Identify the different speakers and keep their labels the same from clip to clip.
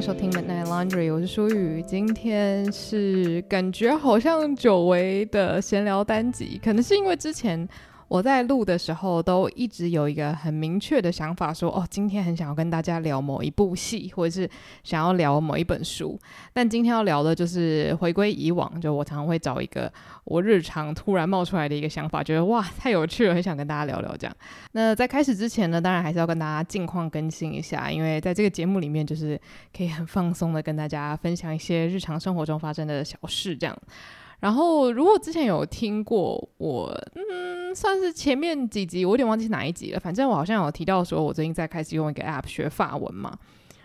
Speaker 1: 收聽，聽 Midnight Laundry，我是舒雨，今天是感覺好像久違的閒聊單集，可能是因為之前。我在錄的時候都一直有一個很明確的想法說哦，今天很想要跟大家聊某一部戲，或者是想要聊某一本書。但今天要聊的就是回歸以往，就我常常會找一個我日常突然冒出來的一個想法，覺得哇太有趣了，很想跟大家聊聊這樣。那在開始之前呢，當然還是要跟大家近況更新一下，因為在這個節目裡面，就是可以很放鬆的跟大家分享一些日常生活中發生的小事這樣。然後，如果之前有聽過我，嗯，算是前面幾集，我有點忘記哪一集了。反正我好像有提到說，我最近在開始用一個 App 學法文嘛。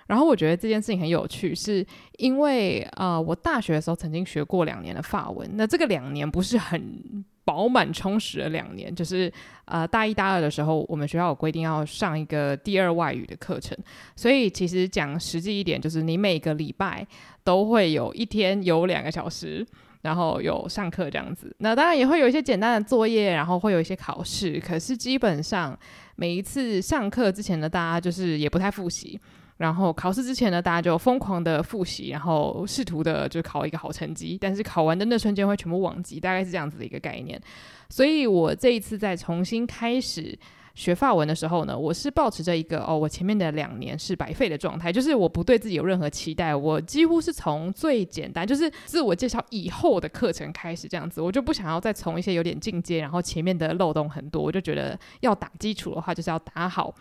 Speaker 1: 然後我覺得這件事情很有趣，是因為啊、呃，我大學的時候曾經學過兩年的法文。那這個兩年不是很飽滿充實的兩年，就是呃，大一、大二的時候，我們學校有規定要上一個第二外語的課程。所以其實講實際一點，就是你每個禮拜都會有一天有兩個小時。然後有上課這樣子，那當然也會有一些簡單的作業，然後會有一些考試。可是基本上每一次上課之前呢，大家就是也不太複習；然後考試之前呢，大家就瘋狂的複習，然後試圖的就考一個好成績。但是考完的那瞬間會全部忘記，大概是這樣子的一個概念。所以我這一次再重新開始。學法文的時候呢，我是抱持着一個哦，我前面的兩年是白費的狀態，就是我不對自己有任何期待，我幾乎是從最簡單，就是自我介紹以後的課程開始這樣子，我就不想要再從一些有點進階，然後前面的漏洞很多，我就覺得要打基礎的話，就是要打好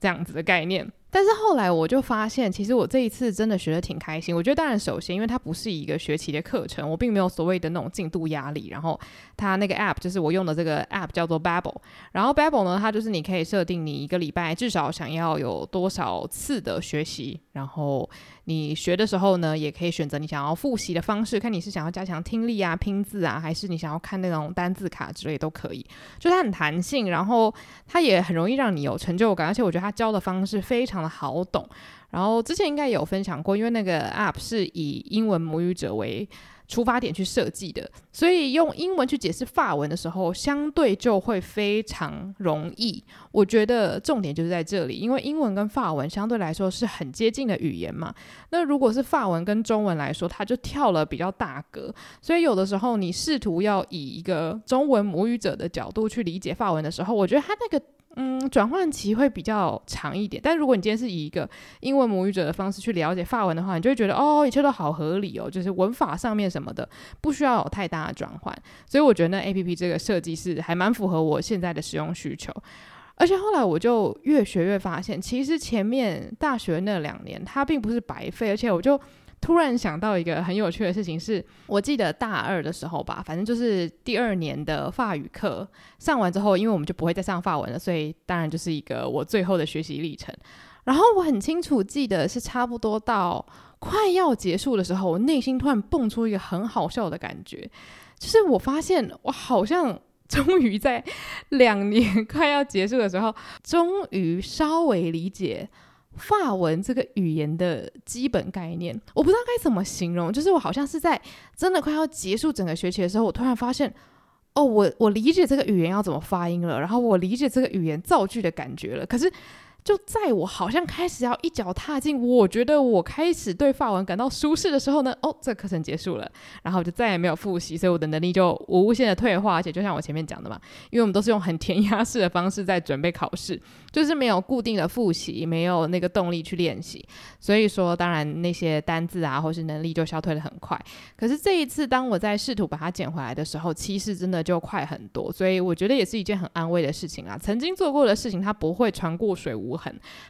Speaker 1: 這樣子的概念。但是後來我就發現，其實我這一次真的學得挺開心。我覺得，當然首先，因為它不是一個學期的課程，我並沒有所謂的那種進度壓力。然後，它那個 app 就是我用的這個 app 叫做 Babbel，然後 Babbel 呢，它就是你可以設定你一個禮拜至少想要有多少次的學習。然後你學的時候呢，也可以選擇你想要複習的方式，看你是想要加強聽力啊、拼字啊，還是你想要看那種單字卡之類都可以。就它很彈性，然後它也很容易讓你有成就感。而且我覺得它教的方式非常。好懂。然後之前應該有分享過，因為那個 app 是以英文母語者為出發點去設計的，所以用英文去解釋法文的時候，相對就會非常容易。我覺得重點就是在這裡，因為英文跟法文相對來說是很接近的語言嘛。那如果是法文跟中文來說，它就跳了比較大格。所以有的時候你試圖要以一個中文母語者的角度去理解法文的時候，我覺得它那個。嗯，轉換期會比較長一點，但如果你今天是以一個英文母語者的方式去了解法文的話，你就會覺得哦，一切都好合理哦，就是文法上面什麼的不需要有太大的轉換，所以我覺得那 APP 這個設計是還蠻符合我現在的使用需求，而且後來我就越學越發現，其實前面大學那兩年它並不是白費，而且我就。突然想到一個很有趣的事情是，是我記得大二的時候吧，反正就是第二年的法語課上完之後，因為我們就不會再上法文了，所以當然就是一個我最後的學習歷程。然後我很清楚記得，是差不多到快要結束的時候，我內心突然蹦出一個很好笑的感覺，就是我發現我好像終於在兩年快要結束的時候，終於稍微理解。法文這個語言的基本概念，我不知道該怎麼形容。就是我好像是在真的快要結束整個學期的時候，我突然發現，哦，我我理解這個語言要怎麼發音了，然後我理解這個語言造句的感覺了。可是。就在我好像開始要一腳踏進，我覺得我開始對法文感到舒適的時候呢，哦，這課程結束了，然後就再也沒有復習，所以我的能力就無限的退化。而且就像我前面講的嘛，因為我們都是用很填鴨式的方式在準備考試，就是沒有固定的復習，沒有那個動力去練習，所以說當然那些單字啊或是能力就消退得很快。可是這一次，當我在試圖把它撿回來的時候，其實真的就快很多，所以我覺得也是一件很安慰的事情啊。曾經做過的事情，它不會船過水無。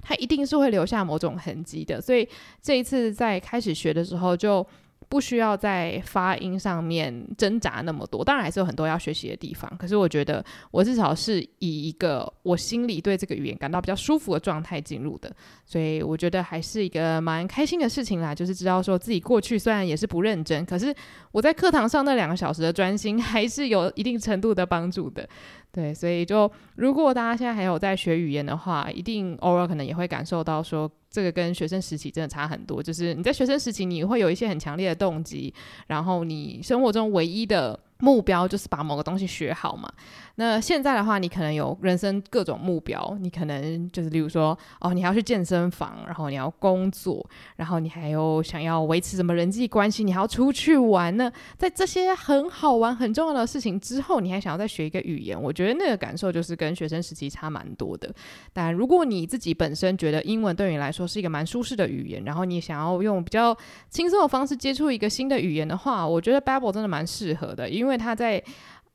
Speaker 1: 它他一定是會留下某種痕跡的，所以這一次在開始學的時候就。不需要在發音上面掙扎那麼多，當然還是有很多要學習的地方。可是我覺得，我至少是以一個我心裡對這個語言感到比較舒服的狀態進入的，所以我覺得還是一個蠻開心的事情啦。就是知道說自己過去雖然也是不認真，可是我在課堂上那兩個小時的專心還是有一定程度的幫助的。對，所以就如果大家現在還有在學語言的話，一定偶爾可能也會感受到說。這個跟學生時期真的差很多，就是你在學生時期你會有一些很強烈的動機，然後你生活中唯一的。目標就是把某個東西學好嘛。那現在的話，你可能有人生各種目標，你可能就是，例如說，哦，你還要去健身房，然後你要工作，然後你還有想要維持什麼人際關係，你還要出去玩呢。在這些很好玩、很重要的事情之後，你還想要再學一個語言，我覺得那個感受就是跟學生時期差蠻多的。但如果你自己本身覺得英文對你來說是一個蠻舒適的語言，然後你想要用比較輕鬆的方式接觸一個新的語言的話，我覺得 Babbel 真的蠻適合的，因為。因為他在，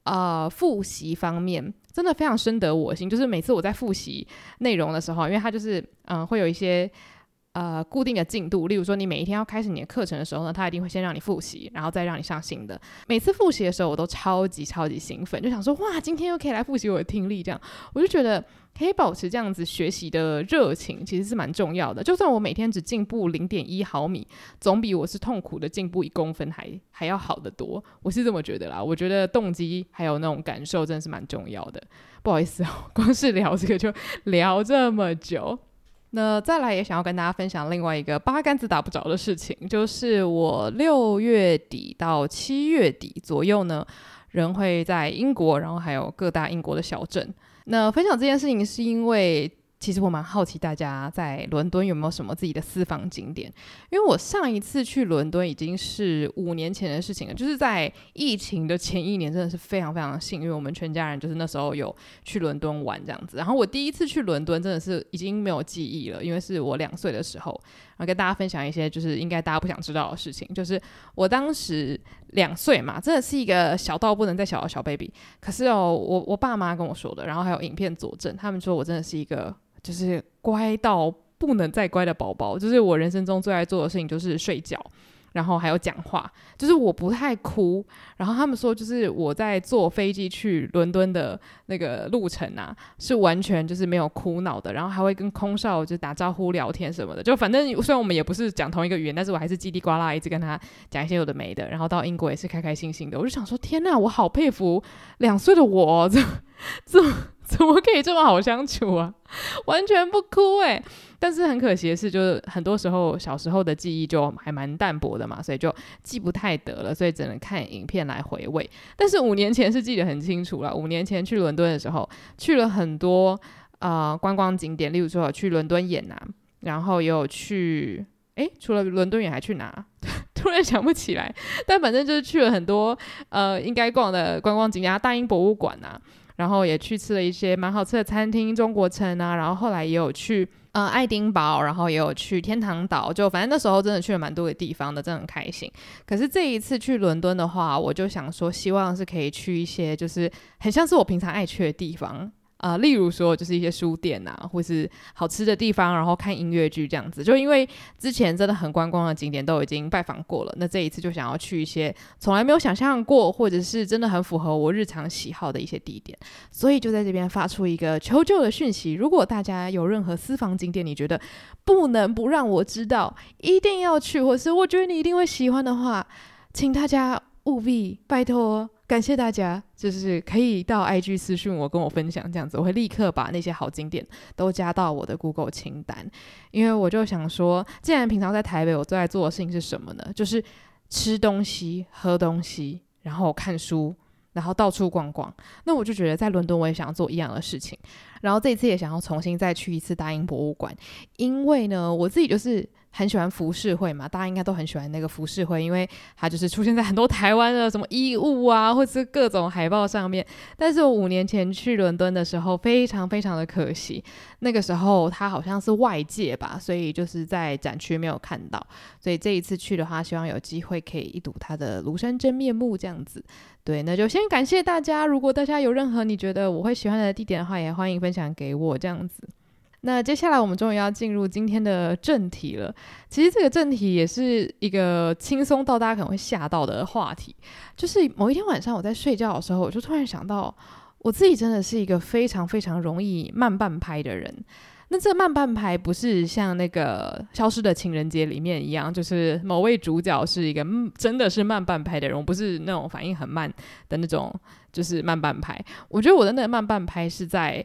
Speaker 1: 呃，複習方面真的非常深得我心。就是每次我在複習內容的時候，因為他就是，嗯，會有一些，呃，固定的進度，例如說，你每一天要開始你的課程的時候呢，他一定會先讓你複習，然後再讓你上新的。每次複習的時候，我都超級超級興奮，就想說，哇，今天又可以來複習我的聽力，這樣我就覺得可以保持這樣子學習的熱情，其實是蠻重要的。就算我每天只進步零點一毫米，總比我是痛苦的進步一公分還還要好得多。我是這麼覺得啦。我覺得動機還有那種感受，真的是蠻重要的。不好意思哦，光是聊這個就聊這麼久。那再來也想要跟大家分享另外一個八竿子打不着的事情，就是我六月底到七月底左右呢，人會在英國，然後還有各大英國的小鎮。那分享這件事情是因為。其實我蠻好奇，大家在倫敦有沒有什麼自己的私房景點？因為我上一次去倫敦已經是五年前的事情了，就是在疫情的前一年，真的是非常非常幸運，我們全家人就是那時候有去倫敦玩這樣子。然後我第一次去倫敦，真的是已經沒有記憶了，因為是我兩歲的時候。然後、啊、跟大家分享一些，就是應該大家不想知道的事情，就是我當時兩歲嘛，真的是一個小到不能再小的小 baby。可是哦，我我爸媽跟我說的，然後還有影片佐證，他們說我真的是一個。就是乖到不能再乖的寶寶，就是我人生中最愛做的事情，就是睡覺，然後還有講話，就是我不太哭。然後他們說，就是我在坐飛機去倫敦的那個路程啊，是完全就是沒有哭鬧的，然後還會跟空少就打招呼、聊天什麼的。就反正雖然我們也不是講同一個語言，但是我還是嘰里呱啦一直跟他講一些有的沒的。然後到英國也是開開心心的，我就想說，天吶，我好佩服兩歲的我，這這。怎麼可以這麼好相處啊？完全不哭誒、欸。但是很可惜的是，就是很多時候小時候的記憶就還蠻淡薄的嘛，所以就記不太得了，所以只能看影片來回味。但是五年前是記得很清楚了。五年前去倫敦的時候，去了很多啊、呃、觀光景點，例如說去倫敦眼啊，然後也有去誒，除了倫敦眼還去哪？突然想不起來，但反正就是去了很多呃應該逛的觀光景點，大英博物館啊。然後也去吃了一些蠻好吃的餐廳，中國城啊。然後後來也有去呃愛丁堡，然後也有去天堂島。就反正那時候真的去了蠻多的地方的，真的很開心。可是這一次去倫敦的話，我就想說，希望是可以去一些就是很像是我平常愛去的地方。啊、呃，例如說，就是一些書店啊，或是好吃的地方，然後看音樂劇這樣子。就因為之前真的很觀光的景點都已經拜訪過了，那這一次就想要去一些從來沒有想象過，或者是真的很符合我日常喜好的一些地點。所以就在這邊發出一個求救的訊息：如果大家有任何私房景點，你覺得不能不讓我知道，一定要去，或是我覺得你一定會喜歡的話，請大家務必拜託、哦。感謝大家，就是可以到 IG 私訊我，跟我分享這樣子，我會立刻把那些好景點都加到我的 Google 清單，因為我就想說，既然平常在台北我最愛做的事情是什麼呢？就是吃東西、喝東西，然後看書，然後到處逛逛。那我就覺得在倫敦我也想要做一樣的事情，然後這次也想要重新再去一次大英博物館，因為呢，我自己就是。很喜歡浮世繪嘛，大家應該都很喜歡那個浮世繪，因為它就是出現在很多台灣的什麼衣物啊，或者是各種海報上面。但是我五年前去倫敦的時候，非常非常的可惜，那個時候它好像是外借吧，所以就是在展區沒有看到。所以這一次去的話，希望有機會可以一睹它的廬山真面目這樣子。對，那就先感謝大家。如果大家有任何你覺得我會喜歡的地點的話，也歡迎分享給我這樣子。那接下來我們終於要進入今天的正題了。其實這個正題也是一個輕鬆到大家可能會嚇到的話題。就是某一天晚上我在睡覺的時候，我就突然想到，我自己真的是一個非常非常容易慢半拍的人。那這慢半拍不是像那個《消失的情人節》裡面一樣，就是某位主角是一個真的是慢半拍的人，我不是那種反應很慢的那種，就是慢半拍。我覺得我的那個慢半拍是在。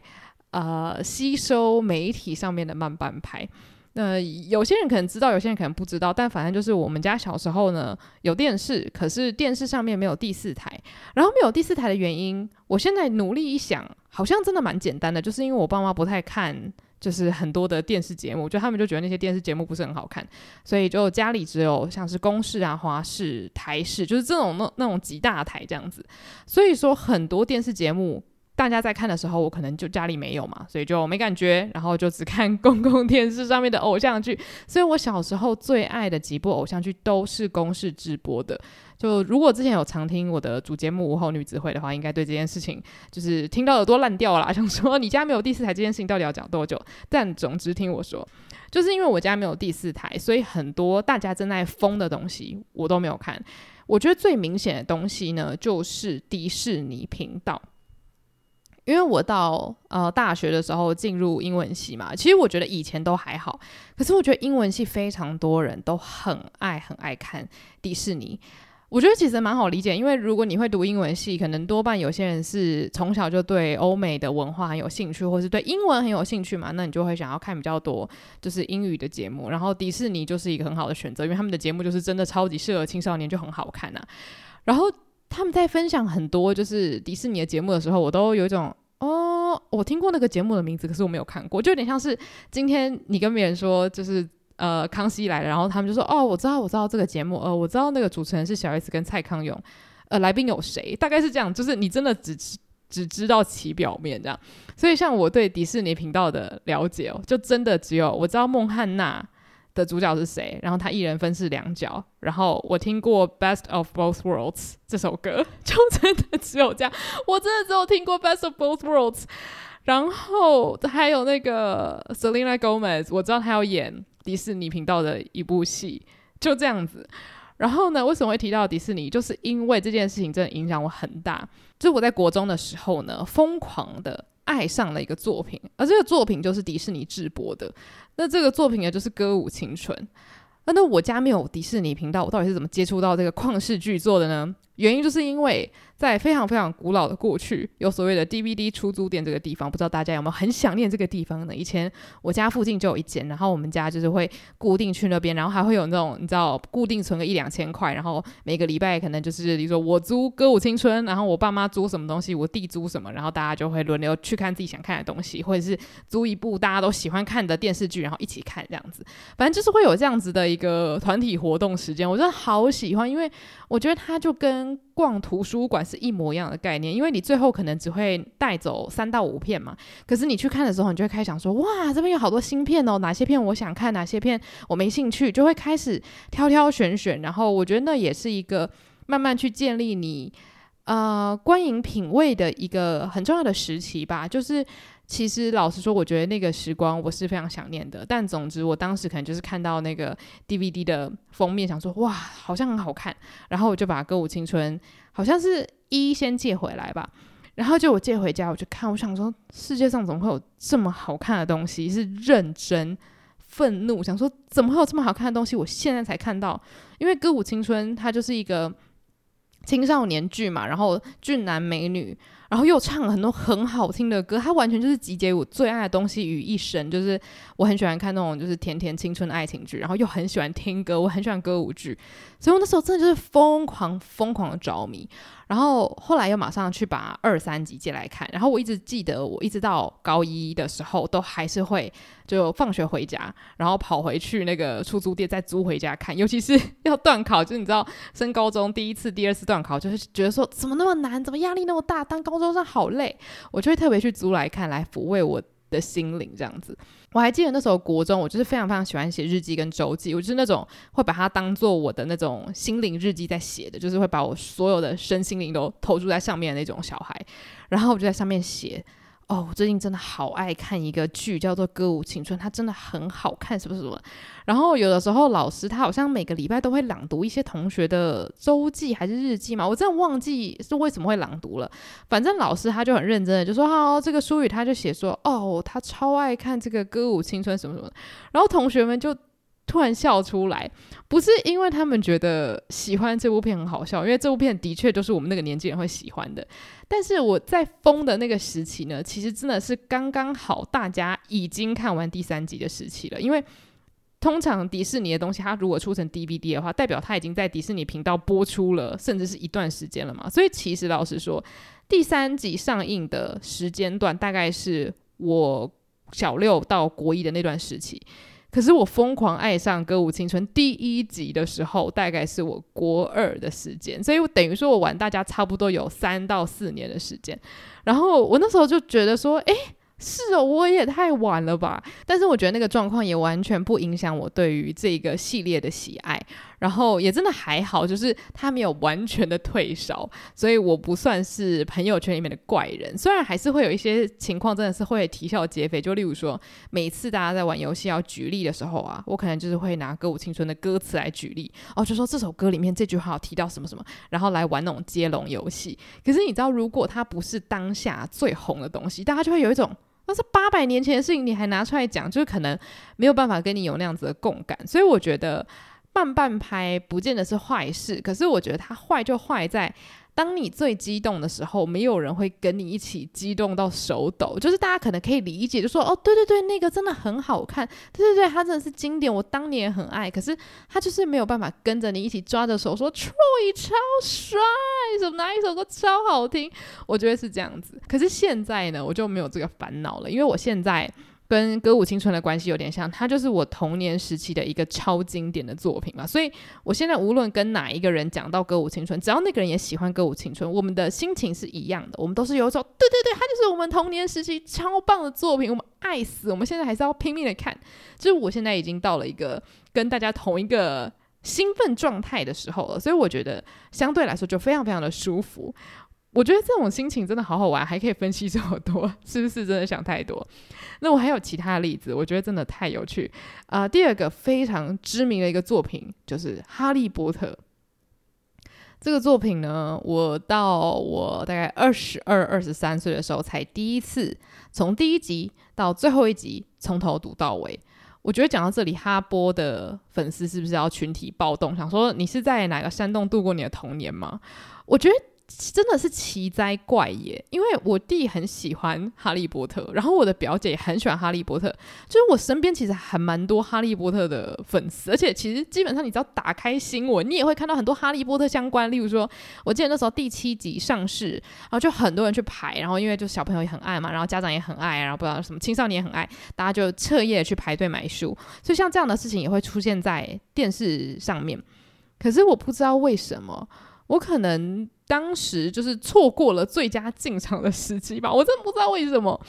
Speaker 1: 呃，吸收媒體上面的慢半拍。那、呃、有些人可能知道，有些人可能不知道。但反正就是我們家小時候呢，有電視，可是電視上面沒有第四台。然後沒有第四台的原因，我現在努力一想，好像真的蠻簡單的，就是因為我爸媽不太看，就是很多的電視節目，我覺得他們就覺得那些電視節目不是很好看，所以就家裡只有像是公視啊、華視、台視，就是這種那那種幾大的台這樣子。所以說很多電視節目。大家在看的時候，我可能就家裡沒有嘛，所以就沒感覺，然後就只看公共電視上面的偶像劇。所以我小時候最愛的幾部偶像劇都是公視直播的。就如果之前有常聽我的主節目《午後女子會》的話，應該對這件事情就是聽到耳朵爛掉啦。想說你家沒有第四台這件事情到底要講多久？但總之聽我說，就是因為我家沒有第四台，所以很多大家正在瘋的東西我都沒有看。我覺得最明顯的東西呢，就是迪士尼頻道。因為我到呃大學的時候進入英文系嘛，其實我覺得以前都還好，可是我覺得英文系非常多人都很愛很愛看迪士尼。我覺得其實蠻好理解，因為如果你會讀英文系，可能多半有些人是從小就對歐美的文化很有興趣，或是對英文很有興趣嘛，那你就會想要看比較多就是英語的節目，然後迪士尼就是一個很好的選擇，因為他們的節目就是真的超級適合青少年，就很好看吶、啊。然後他們在分享很多就是迪士尼的節目的時候，我都有一種。哦、oh，我聽過那個節目的名字，可是我沒有看過，就有點像是今天你跟別人說，就是呃，康熙來了，然後他們就說，哦，我知道，我知道這個節目，呃，我知道那個主持人是小 S 跟蔡康永，呃，來賓有誰，大概是這樣，就是你真的只只知道其表面這樣，所以像我對迪士尼頻道的了解哦、喔，就真的只有我知道孟漢娜。的主角是誰？然後他一人分飾兩角。然後我聽過《Best of Both Worlds》這首歌，就真的只有這樣，我真的只有聽過《Best of Both Worlds》。然後還有那個 Selena Gomez，我知道她要演迪士尼頻道的一部戲，就這樣子。然後呢，為什麼會提到迪士尼？就是因為這件事情真的影響我很大。就我在國中的時候呢，瘋狂的。愛上了一個作品，而這個作品就是迪士尼製播的。那這個作品呢，就是《歌舞青春》啊。那那我家沒有迪士尼頻道，我到底是怎麼接觸到這個曠世巨作的呢？原因就是因為。在非常非常古老的過去，有所謂的 DVD 出租店這個地方，不知道大家有沒有很想念這個地方呢？以前我家附近就有一間，然後我們家就是會固定去那邊，然後還會有那種你知道，固定存個一兩千塊，然後每個禮拜可能就是你說我租《歌舞青春》，然後我爸媽租什麼東西，我弟租什麼，然後大家就會輪流去看自己想看的東西，或者是租一部大家都喜歡看的電視劇，然後一起看這樣子，反正就是會有這樣子的一個團體活動時間，我真的好喜歡，因為我覺得它就跟。逛圖書館是一模一樣的概念，因為你最後可能只會帶走三到五片嘛。可是你去看的時候，你就會開始想說：哇，這邊有好多新片哦，哪些片我想看，哪些片我沒興趣，就會開始挑挑選選。然後我覺得那也是一個慢慢去建立你呃觀影品味的一個很重要的時期吧，就是。其實老實說，我覺得那個時光我是非常想念的。但總之，我當時可能就是看到那個 DVD 的封面，想說，哇，好像很好看。然後我就把《歌舞青春》好像是一,一先借回來吧。然後就我借回家，我就看。我想說，世界上怎麼會有這麼好看的東西？是認真憤怒想說，怎麼會有這麼好看的東西？我現在才看到，因為《歌舞青春》它就是一個青少年劇嘛，然後俊男美女。然後又唱了很多很好聽的歌，他完全就是集結我最愛的東西於一身，就是我很喜歡看那種就是甜甜青春的愛情劇，然後又很喜歡聽歌，我很喜歡歌舞劇，所以我那時候真的就是瘋狂瘋狂的着迷。然後後來又馬上去把二三集借來看，然後我一直記得，我一直到高一的時候都還是會就放學回家，然後跑回去那個出租店再租回家看，尤其是要段考，就是你知道升高中第一次、第二次段考，就是覺得說怎麼那麼難，怎麼壓力那麼大，當高中生好累，我就會特別去租來看，來撫慰我的心靈這樣子。我還記得那時候國中，我就是非常非常喜歡寫日記跟週記，我就是那種會把它當做我的那種心靈日記在寫的，就是會把我所有的身心靈都投注在上面的那種小孩，然後我就在上面寫。哦，最近真的好愛看一個劇，叫做《歌舞青春》，它真的很好看，什麼什麼。然後有的時候老師他好像每個禮拜都會朗讀一些同學的周記還是日記嘛，我真的忘記是為什麼會朗讀了。反正老師他就很認真的就說，哦，這個書語，他就寫說，哦，他超愛看這個《歌舞青春》什麼什麼。然後同學們就。突然笑出來，不是因為他們覺得喜歡這部片很好笑，因為這部片的確就是我們那個年紀人會喜歡的。但是我在瘋的那個時期呢，其實真的是剛剛好，大家已經看完第三集的時期了。因為通常迪士尼的東西，它如果出成 DVD 的話，代表它已經在迪士尼頻道播出了，甚至是一段時間了嘛。所以其實老實說，第三集上映的時間段，大概是我小六到國一的那段時期。可是我瘋狂愛上《歌舞青春》第一集的時候，大概是我國二的時間，所以我等於說我慢大家差不多有三到四年的時間，然後我那時候就覺得說，誒。是哦，我也太晚了吧。但是我覺得那個狀況也完全不影響我對於這個系列的喜愛。然後也真的還好，就是他沒有完全的退燒，所以我不算是朋友圈裡面的怪人。雖然還是會有一些情況真的是會啼笑皆非，就例如說，每次大家在玩遊戲要舉例的時候啊，我可能就是會拿《歌舞青春》的歌詞來舉例，哦，就說這首歌裡面這句話提到什麼什麼，然後來玩那種接龍遊戲。可是你知道，如果它不是當下最紅的東西，大家就會有一種。那是八百年前的事情，你還拿出來講，就是可能沒有辦法跟你有那樣子的共感，所以我覺得慢半拍不見得是壞事，可是我覺得它壞就壞在。當你最激動的時候，沒有人會跟你一起激動到手抖。就是大家可能可以理解，就說哦，對對對，那個真的很好看，對對對，他真的是經典，我當年也很愛。可是他就是沒有辦法跟着你一起抓着手說，說 Troy，超帥，什麼哪一首歌超好聽？我覺得是這樣子。可是現在呢，我就沒有這個煩惱了，因為我現在。跟《歌舞青春》的關係有點像，它就是我童年時期的一個超經典的作品嘛。所以，我現在無論跟哪一個人講到《歌舞青春》，只要那個人也喜歡《歌舞青春》，我們的心情是一樣的，我們都是有一種對對對，它就是我們童年時期超棒的作品，我們愛死，我們現在還是要拼命的看。就是我現在已經到了一個跟大家同一個興奮狀態的時候了，所以我覺得相對來說就非常非常的舒服。我覺得這種心情真的好好玩，還可以分析這麼多，是不是真的想太多？那我還有其他的例子，我覺得真的太有趣啊。呃，第二個非常知名的一個作品就是《哈利波特》，這個作品呢，我到我大概二十二、二十三歲的時候，才第一次從第一集到最後一集，從頭讀到尾。我覺得講到這裡，哈波的粉絲是不是要群體暴動？想說你是在哪個山洞度過你的童年嗎？我覺得。真的是奇哉怪也，因為我弟很喜歡哈利波特，然後我的表姐也很喜歡哈利波特，就是我身邊其實還蠻多哈利波特的粉絲，而且其實基本上你只要打開新聞你也會看到很多哈利波特相關，例如說，我記得那時候第七集上市，然後就很多人去排，然後因為就小朋友也很愛嘛，然後家長也很愛，然後不知道什麼青少年也很愛，大家就徹夜去排隊買書，所以像這樣的事情也會出現在電視上面，可是我不知道為什麼。我可能當時就是錯過了最佳進場的時機吧，我真不知道為什麼。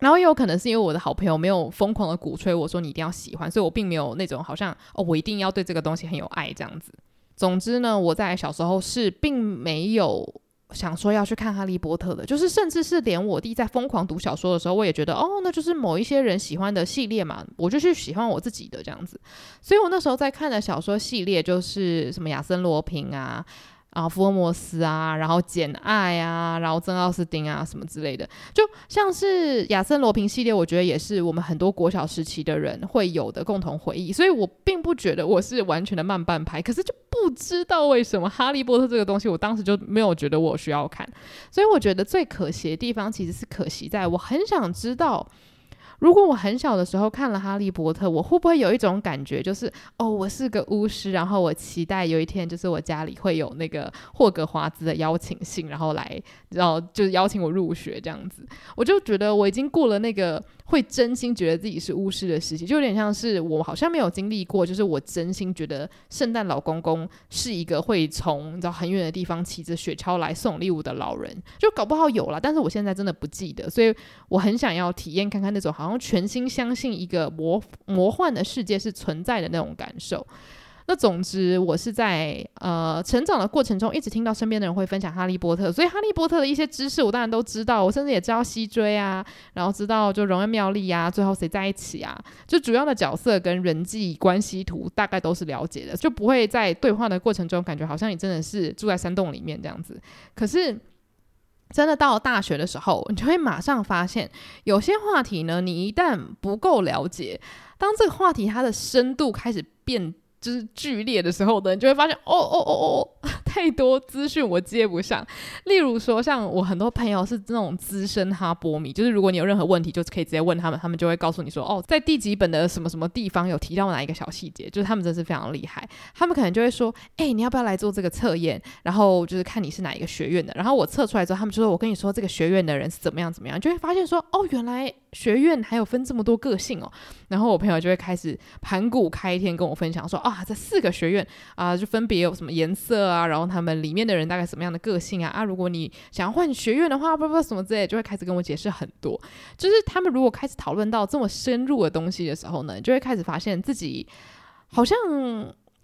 Speaker 1: 然後也有可能是因為我的好朋友沒有瘋狂的鼓吹我說你一定要喜歡，所以我並沒有那種好像哦，我一定要對這個東西很有愛這樣子。總之呢，我在小時候是並沒有想說要去看《哈利波特》的，就是甚至是連我弟在瘋狂讀小說的時候，我也覺得哦，那就是某一些人喜歡的系列嘛，我就去喜歡我自己的這樣子。所以我那時候在看的小說系列就是什麼《亞森羅平》啊。啊，福爾摩斯啊，然後簡愛啊，然後珍奧斯汀啊，什麼之類的，就像是亞森羅蘋系列，我覺得也是我們很多國小時期的人會有的共同回憶。所以我並不覺得我是完全的慢半拍，可是就不知道為什麼《哈利波特》這個東西，我當時就沒有覺得我需要看。所以我覺得最可惜的地方其實是可惜在，在我很想知道。如果我很小的時候看了《哈利波特》，我會不會有一種感覺，就是哦，我是個巫師，然後我期待有一天，就是我家裡會有那個霍格華茲的邀請信，然後來，然後就邀請我入學這樣子，我就覺得我已經過了那個。會真心覺得自己是巫師的事情，就有點像是我好像沒有經歷過，就是我真心覺得聖誕老公公是一個會從你知道很遠的地方騎着雪橇來送禮物的老人，就搞不好有了，但是我現在真的不記得，所以我很想要體驗看看那種好像全心相信一個魔魔幻的世界是存在的那種感受。那總之，我是在呃成長的過程中，一直聽到身邊的人會分享《哈利波特》，所以《哈利波特》的一些知識我當然都知道，我甚至也知道西追啊，然後知道就榮恩妙麗啊，最後誰在一起啊，就主要的角色跟人際關係圖大概都是了解的，就不會在對話的過程中感覺好像你真的是住在山洞裡面這樣子。可是真的到了大學的時候，你就會馬上發現，有些話題呢，你一旦不夠了解，當這個話題它的深度開始變。就是劇烈的時候呢，你就會發現，哦哦哦哦，太多資訊我接不上。例如說，像我很多朋友是這種資深哈波迷，就是如果你有任何問題，就可以直接問他們，他們就會告訴你說，哦，在第幾本的什麼什麼地方有提到哪一個小細節，就是他們真是非常厲害。他們可能就會說，哎、欸，你要不要來做這個測驗？然後就是看你是哪一個學院的。然後我測出來之後，他們就說，我跟你說這個學院的人是怎麼樣怎麼樣，就會發現說，哦，原來。學院還有分這麼多個性哦，然後我朋友就會開始盤古開天跟我分享說，啊，這四個學院啊，呃，就分別有什麼顏色啊，然後他們裡面的人大概什麼樣的個性啊，啊，如果你想要換學院的話，不不什麼之類，就會開始跟我解釋很多，就是他們如果開始討論到這麼深入的東西的時候呢，就會開始發現自己好像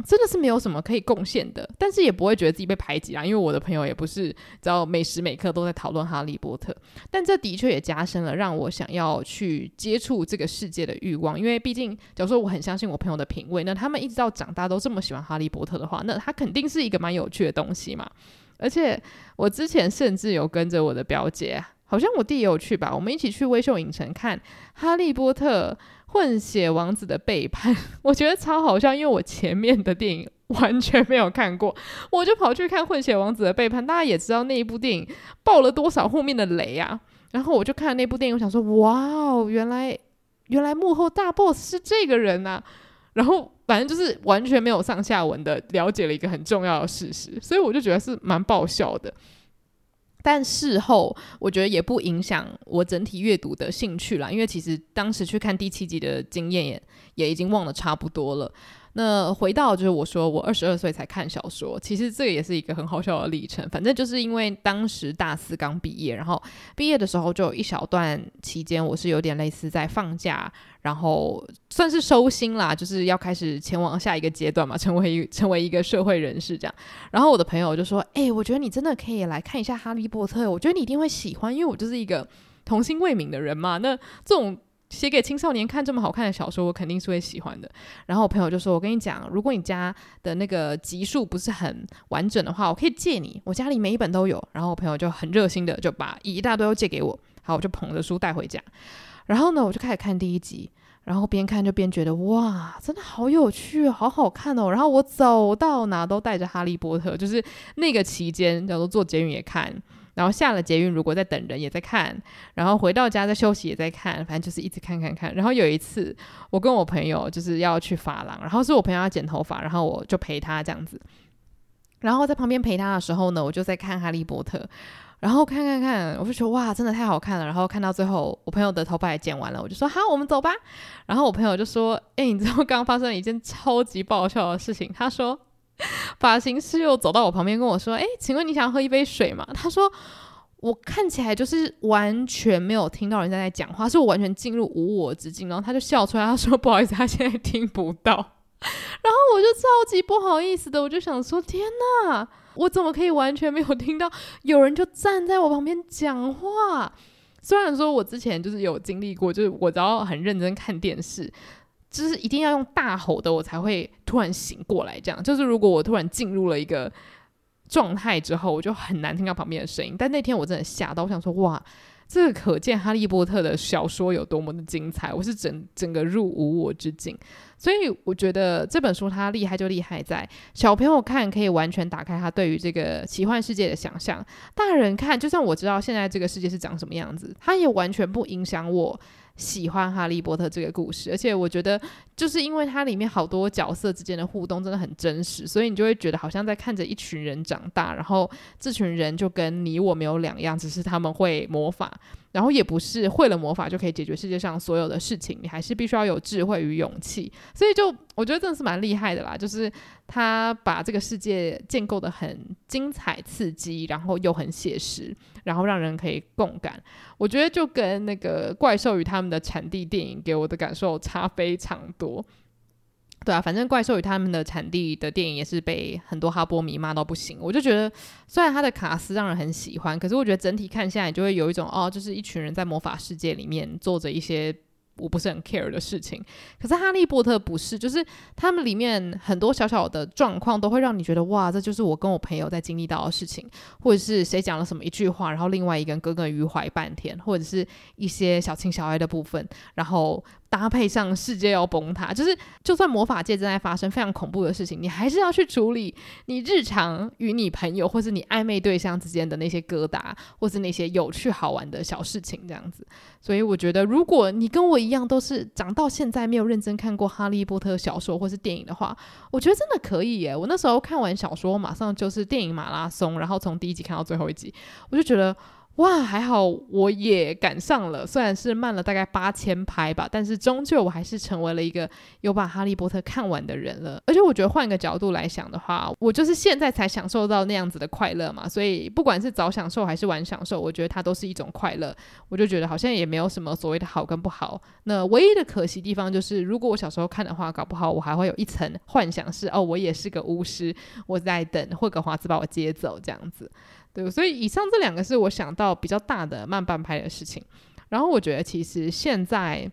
Speaker 1: 真的是沒有什麼可以貢獻的，但是也不會覺得自己被排擠啊，因為我的朋友也不是只要每時每刻都在討論哈利波特。但這的確也加深了讓我想要去接觸這個世界的慾望，因為畢竟，假如說我很相信我朋友的品味，那他們一直到長大都這麼喜歡哈利波特的話，那他肯定是一個蠻有趣的東西嘛。而且我之前甚至有跟着我的表姐，好像我弟也有去吧，我們一起去威秀影城看《哈利波特》。混血王子的背叛，我覺得超好笑，因為我前面的電影完全沒有看過，我就跑去看混血王子的背叛。大家也知道那一部電影爆了多少後面的雷啊，然後我就看那部電影，我想說，哇哦，原來原來幕後大 boss 是這個人吶啊，然後反正就是完全沒有上下文的了解了一個很重要的事實，所以我就覺得是蠻爆笑的。但事後我覺得也不影響我整體閱讀的興趣啦，因為其實當時去看第七集的經驗也也已經忘得差不多了。那回到就是我說我二十二歲才看小說，其實這個也是一個很好笑的歷程。反正就是因為當時大四剛畢業，然後畢業的時候就有一小段期間，我是有點類似在放假。然後算是收心啦，就是要開始前往下一個階段嘛，成為一成為一個社會人士這樣。然後我的朋友就說：“哎、欸，我覺得你真的可以來看一下《哈利波特》，我覺得你一定會喜歡，因為我就是一個童心未泯的人嘛。那這種寫給青少年看這麼好看的小說，我肯定是會喜歡的。”然後我朋友就說：“我跟你講，如果你家的那個集數不是很完整的話，我可以借你，我家裡每一本都有。”然後我朋友就很熱心的就把一大堆都借給我。好，我就捧着書帶回家。然後呢，我就開始看第一集，然後邊看就邊覺得哇，真的好有趣哦，好好看哦。然後我走到哪都帶着《哈利波特》，就是那個期間，假如坐捷運也看，然後下了捷運如果在等人也在看，然後回到家在休息也在看，反正就是一直看看看。然後有一次，我跟我朋友就是要去髮廊，然後是我朋友要剪頭髮，然後我就陪他這樣子，然後在旁邊陪他的時候呢，我就在看《哈利波特》。然後看看看，我就覺得哇，真的太好看了。然後看到最後，我朋友的頭髮也剪完了，我就說好，我們走吧。然後我朋友就說：“誒、欸，你知道剛剛發生了一件超級爆笑的事情。”他說：“髮型師又走到我旁邊跟我說：‘誒、欸，請問你想喝一杯水嗎？’”他說：“我看起來就是完全沒有聽到人家在講話，是我完全進入無我之境。”然後他就笑出來，他說：“不好意思，他現在聽不到。”然後我就超級不好意思的，我就想說，天哪，我怎麼可以完全沒有聽到？有人就站在我旁邊講話。雖然說我之前就是有經歷過，就是我只要很認真看電視，就是一定要用大吼的，我才會突然醒過來。這樣就是，如果我突然進入了一個狀態之後，我就很難聽到旁邊的聲音。但那天我真的嚇到，我想說，哇！這可見《哈利波特》的小說有多麼的精彩，我是整整個入無我之境，所以我覺得這本書它厲害就厲害在小朋友看可以完全打開他對於這個奇幻世界的想象，大人看就算我知道現在這個世界是長什麼樣子，他也完全不影響我。喜歡《哈利波特》這個故事，而且我覺得，就是因為它裡面好多角色之間的互動真的很真實，所以你就會覺得好像在看着一群人長大，然後這群人就跟你我沒有兩樣，只是他們會魔法。然後也不是會了魔法就可以解決世界上所有的事情，你還是必須要有智慧與勇氣。所以就我覺得真的是蠻厲害的啦，就是他把這個世界建構得很精彩刺激，然後又很寫實，然後讓人可以共感。我覺得就跟那個怪獸與他們的產地電影給我的感受差非常多。對啊，反正怪獸與他們的產地的電影也是被很多哈波迷罵到不行。我就覺得，雖然他的卡司讓人很喜歡，可是我覺得整體看下來就會有一種哦，就是一群人在魔法世界裡面做着一些我不是很 care 的事情。可是哈利波特不是，就是他們裡面很多小小的狀況都會讓你覺得哇，這就是我跟我朋友在經歷到的事情，或者是誰講了什麼一句話，然後另外一個人耿耿於懷半天，或者是一些小情小愛的部分，然後。搭配上世界要崩塌，就是就算魔法界正在發生非常恐怖的事情，你還是要去處理你日常與你朋友或是你曖昧對象之間的那些疙瘩，或是那些有趣好玩的小事情，這樣子。所以我覺得，如果你跟我一樣都是長到現在沒有認真看過《哈利波特》小說或是電影的話，我覺得真的可以耶。我那時候看完小說，馬上就是電影馬拉松，然後從第一集看到最後一集，我就覺得。哇，還好我也趕上了，雖然是慢了大概八千拍吧，但是終究我還是成為了一個有把《哈利波特》看完的人了。而且我覺得換個角度來想的話，我就是現在才享受到那樣子的快樂嘛。所以不管是早享受還是晚享受，我覺得它都是一種快樂。我就覺得好像也沒有什麼所謂的好跟不好。那唯一的可惜地方就是，如果我小時候看的話，搞不好我還會有一層幻想是，是哦，我也是個巫師，我在等霍格華茲把我接走這樣子。對，所以以上這兩個是我想到比較大的慢半拍的事情。然後我覺得其實現在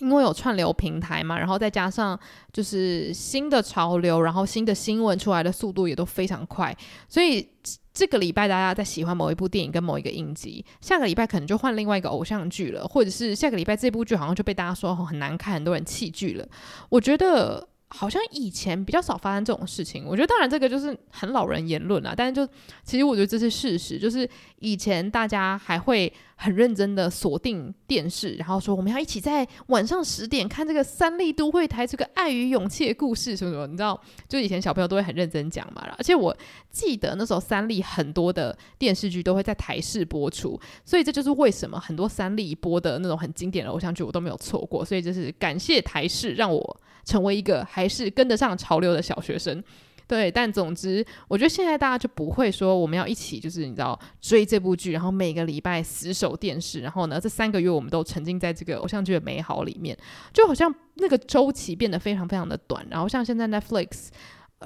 Speaker 1: 因為有串流平台嘛，然後再加上就是新的潮流，然後新的新聞出來的速度也都非常快。所以這個禮拜大家在喜歡某一部電影跟某一個影集，下個禮拜可能就換另外一個偶像劇了，或者是下個禮拜這部劇好像就被大家說很難看，很多人棄劇了。我覺得。好像以前比較少發生這種事情，我覺得當然這個就是很老人言論啦、啊，但是就其實我覺得這是事實，就是以前大家還會很認真的鎖定電視，然後說我們要一起在晚上十點看這個三立都會台這個《愛與勇氣》的故事什麼什麼，你知道，就以前小朋友都會很認真講嘛。而且我記得那時候三立很多的電視劇都會在台視播出，所以這就是為什麼很多三立播的那種很經典的偶像劇我都沒有錯過。所以就是感謝台視，讓我成為一個還是跟得上潮流的小學生。對，但總之，我覺得現在大家就不會說我們要一起，就是你知道追這部劇，然後每個禮拜死守電視，然後呢，這三個月我們都沉浸在這個偶像劇的美好裡面，就好像那個周期變得非常非常的短，然後像現在 Netflix。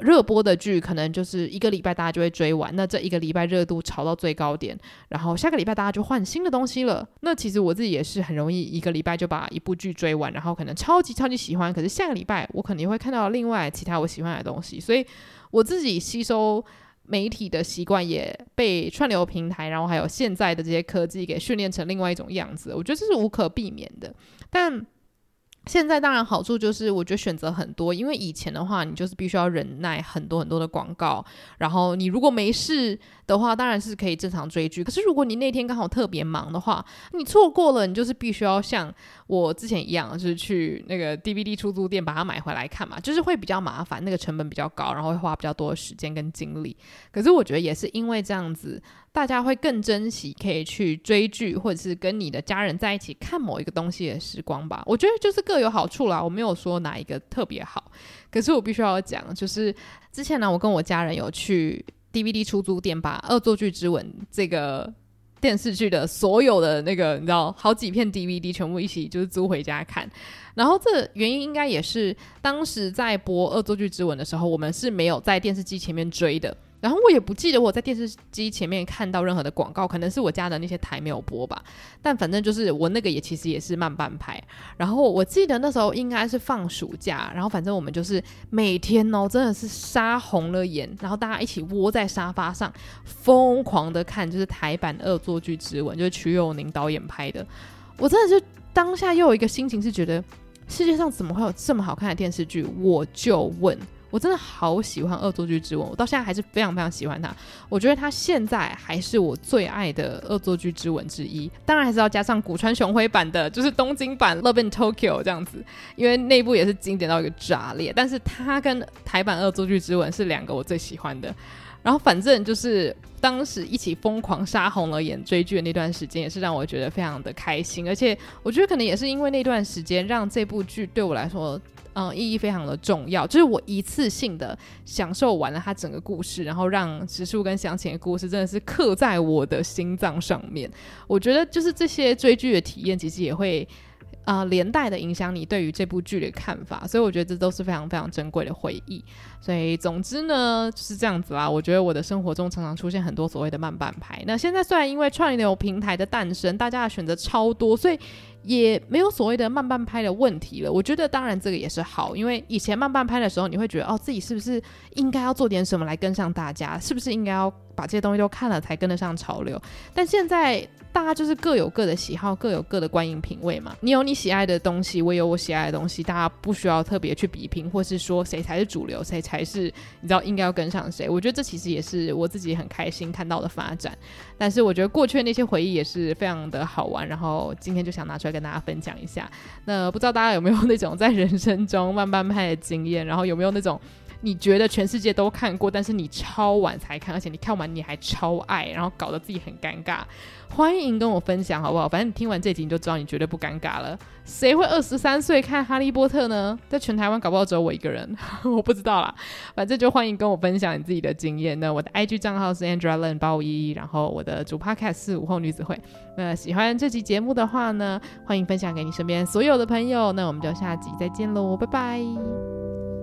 Speaker 1: 熱播的劇可能就是一個禮拜大家就會追完，那這一個禮拜熱度炒到最高點，然後下個禮拜大家就換新的東西了。那其實我自己也是很容易一個禮拜就把一部劇追完，然後可能超級超級喜歡，可是下個禮拜我可能會看到另外其他我喜歡的東西。所以我自己吸收媒體的習慣也被串流平台，然後還有現在的這些科技給訓練成另外一種樣子。我覺得這是無可避免的，但。現在當然好處就是，我覺得選擇很多，因為以前的話，你就是必須要忍耐很多很多的廣告。然後你如果沒事的話，當然是可以正常追劇。可是如果你那天剛好特別忙的話，你錯過了，你就是必須要像我之前一樣，就是去那個 DVD 出租店把它買回來看嘛，就是會比較麻煩，那個成本比較高，然後會花比較多的時間跟精力。可是我覺得也是因為這樣子。大家會更珍惜可以去追劇，或者是跟你的家人在一起看某一個東西的時光吧。我覺得就是各有好處啦，我沒有說哪一個特別好。可是我必須要講，就是之前呢，我跟我家人有去 DVD 出租店把《惡作劇之吻》這個電視劇的所有的那個，你知道，好幾片 DVD 全部一起就是租回家看。然後這原因應該也是當時在播《惡作劇之吻》的時候，我們是沒有在電視機前面追的。然後我也不記得我在電視機前面看到任何的廣告，可能是我家的那些台沒有播吧。但反正就是我那個也其實也是慢半拍。然後我記得那時候應該是放暑假，然後反正我們就是每天哦，真的是殺紅了眼，然後大家一起窩在沙发上瘋狂的看，就是台版《惡作劇之吻》，就是瞿友寧導演拍的。我真的是當下又有一個心情是覺得世界上怎麼會有這麼好看的電視劇？我就問。我真的好喜歡《惡作劇之吻》，我到現在還是非常非常喜歡他。我覺得他現在還是我最愛的《惡作劇之吻》之一，當然還是要加上古川雄輝版的，就是東京版《Love in Tokyo》這樣子，因為那部也是經典到一個炸裂。但是，他跟台版《惡作劇之吻》是兩個我最喜歡的。然後，反正就是。當時一起瘋狂殺紅了眼追劇的那段時間，也是讓我覺得非常的開心。而且我覺得可能也是因為那段時間，讓這部劇對我來說，嗯、呃，意義非常的重要。就是我一次性的享受完了它整個故事，然後讓直樹跟湘琴的故事真的是刻在我的心臟上面。我覺得就是這些追劇的體驗，其實也會。啊、呃，連帶的影響你對於這部劇的看法，所以我覺得這都是非常非常珍貴的回憶。所以總之呢，就是這樣子啦。我覺得我的生活中常常出現很多所謂的慢半拍。那現在雖然因為串流平台的誕生，大家的選擇超多，所以也沒有所謂的慢半拍的問題了。我覺得當然這個也是好，因為以前慢半拍的時候，你會覺得哦，自己是不是應該要做點什麼來跟上大家？是不是應該要把這些東西都看了才跟得上潮流？但現在。大家就是各有各的喜好，各有各的觀影品味嘛。你有你喜愛的東西，我有我喜愛的東西，大家不需要特別去比拼，或是說誰才是主流，誰才是你知道應該要跟上誰。我覺得這其實也是我自己很開心看到的發展。但是我覺得過去的那些回憶也是非常的好玩，然後今天就想拿出來跟大家分享一下。那不知道大家有沒有那種在人生中慢半拍的經驗，然後有沒有那種？你覺得全世界都看過，但是你超晚才看，而且你看完你還超愛，然後搞得自己很尷尬。歡迎跟我分享，好不好？反正你聽完這集你就知道你絕對不尷尬了。誰會二十三歲看哈利波特呢？在全台灣搞不好只有我一個人， 我不知道啦。反正就歡迎跟我分享你自己的經驗。那我的 IG 賬號是 a n d r e l i n 八五一然後我的主 p a c a s 是午後女子會。那喜歡這集節目的話呢，歡迎分享給你身邊所有的朋友。那我們就下集再見嘍，拜拜。